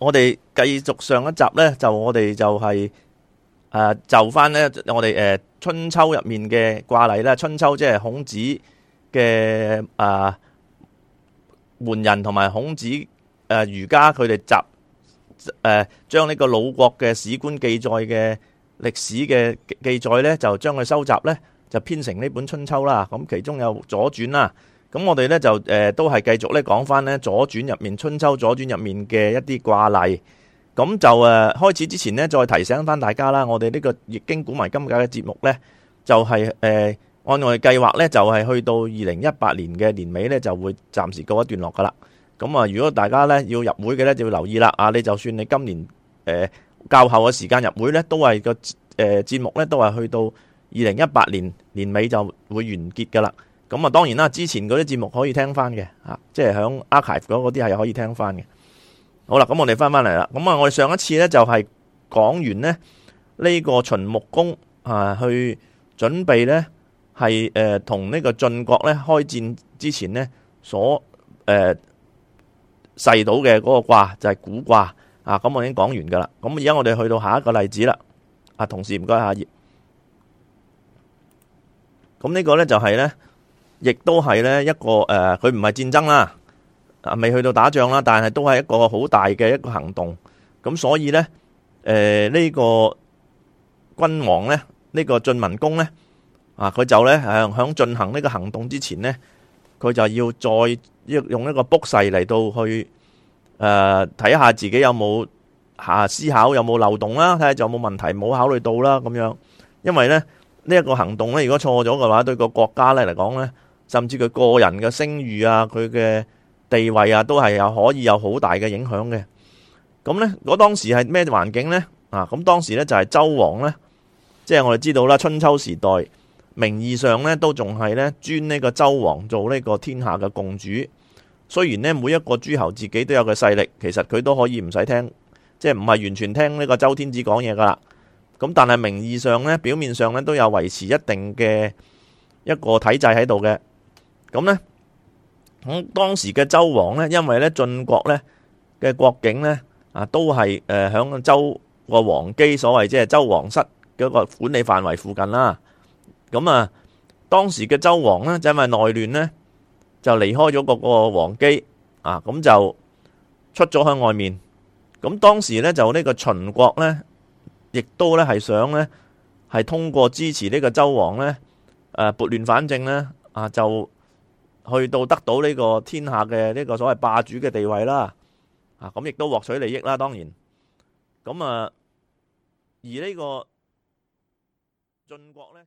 我哋繼續上一集咧，就我哋就係、是、誒、啊、就翻咧，我哋誒春秋入面嘅卦例啦，春秋即係孔子嘅誒、啊、門人同埋孔子誒儒、啊、家佢哋集誒、啊、將呢個魯國嘅史官記載嘅歷史嘅記載咧，就將佢收集咧，就編成呢本春秋啦。咁其中有左傳啦。咁我哋咧就誒、呃、都係繼續咧講翻咧左傳入面春秋左傳入面嘅一啲卦例，咁就誒、呃、開始之前咧再提醒翻大家啦，我哋呢、這個易經古謎今解嘅節目咧就係、是、誒、呃、按我哋計劃咧就係、是、去到二零一八年嘅年尾咧就會暫時告一段落噶啦。咁啊，如果大家咧要入會嘅咧就要留意啦。啊，你就算你今年誒較、呃、後嘅時間入會咧，都係個誒節目咧都係去到二零一八年年尾就會完結噶啦。咁啊，當然啦，之前嗰啲節目可以聽翻嘅，即係響 archive 嗰啲係可以聽翻嘅。好啦，咁我哋翻翻嚟啦。咁啊，我哋上一次咧就係、是、講完呢呢、這個秦穆公啊，去準備咧係、呃、同個晉呢個晉國咧開戰之前呢，所誒筮、呃、到嘅嗰個卦就係、是、古卦啊。咁我已經講完噶啦。咁而家我哋去到下一個例子啦。啊，同事唔該下頁。咁呢個咧就係、是、咧。亦都係咧一個誒，佢唔係戰爭啦，啊未去到打仗啦，但係都係一個好大嘅一個行動。咁所以咧，誒呢個君王咧，呢個晉文公咧，啊佢就咧喺喺進行呢個行動之前咧，佢就要再用一個卜筮嚟到去誒睇下自己有冇下思考有冇漏洞啦，睇下有冇問題冇考慮到啦咁樣。因為咧呢一個行動咧，如果錯咗嘅話，對個國家咧嚟講咧。甚至佢個人嘅聲譽啊，佢嘅地位啊，都係有可以有好大嘅影響嘅。咁呢，我當時係咩環境呢？啊，咁當時呢，就係周王呢。即係我哋知道啦，春秋時代，名義上呢，都仲係呢尊呢個周王做呢個天下嘅共主。雖然呢，每一個諸侯自己都有個勢力，其實佢都可以唔使聽，即係唔係完全聽呢個周天子講嘢㗎喇。咁但係名義上呢，表面上呢，都有維持一定嘅一個體制喺度嘅。咁咧，咁當時嘅周王咧，因為咧晉國咧嘅國境咧，啊都係誒響周個王畿，所謂即係周王室嗰個管理範圍附近啦。咁啊，當時嘅周王咧，因為內亂咧，就離開咗個個王畿啊，咁就出咗喺外面。咁當時咧，就呢個秦國咧，亦都咧係想咧係通過支持呢個周王咧，誒撥亂反正咧，啊就。去到得到呢個天下嘅呢個所謂霸主嘅地位啦，啊咁亦、啊、都獲取利益啦，當然，咁啊而個呢個晉國咧。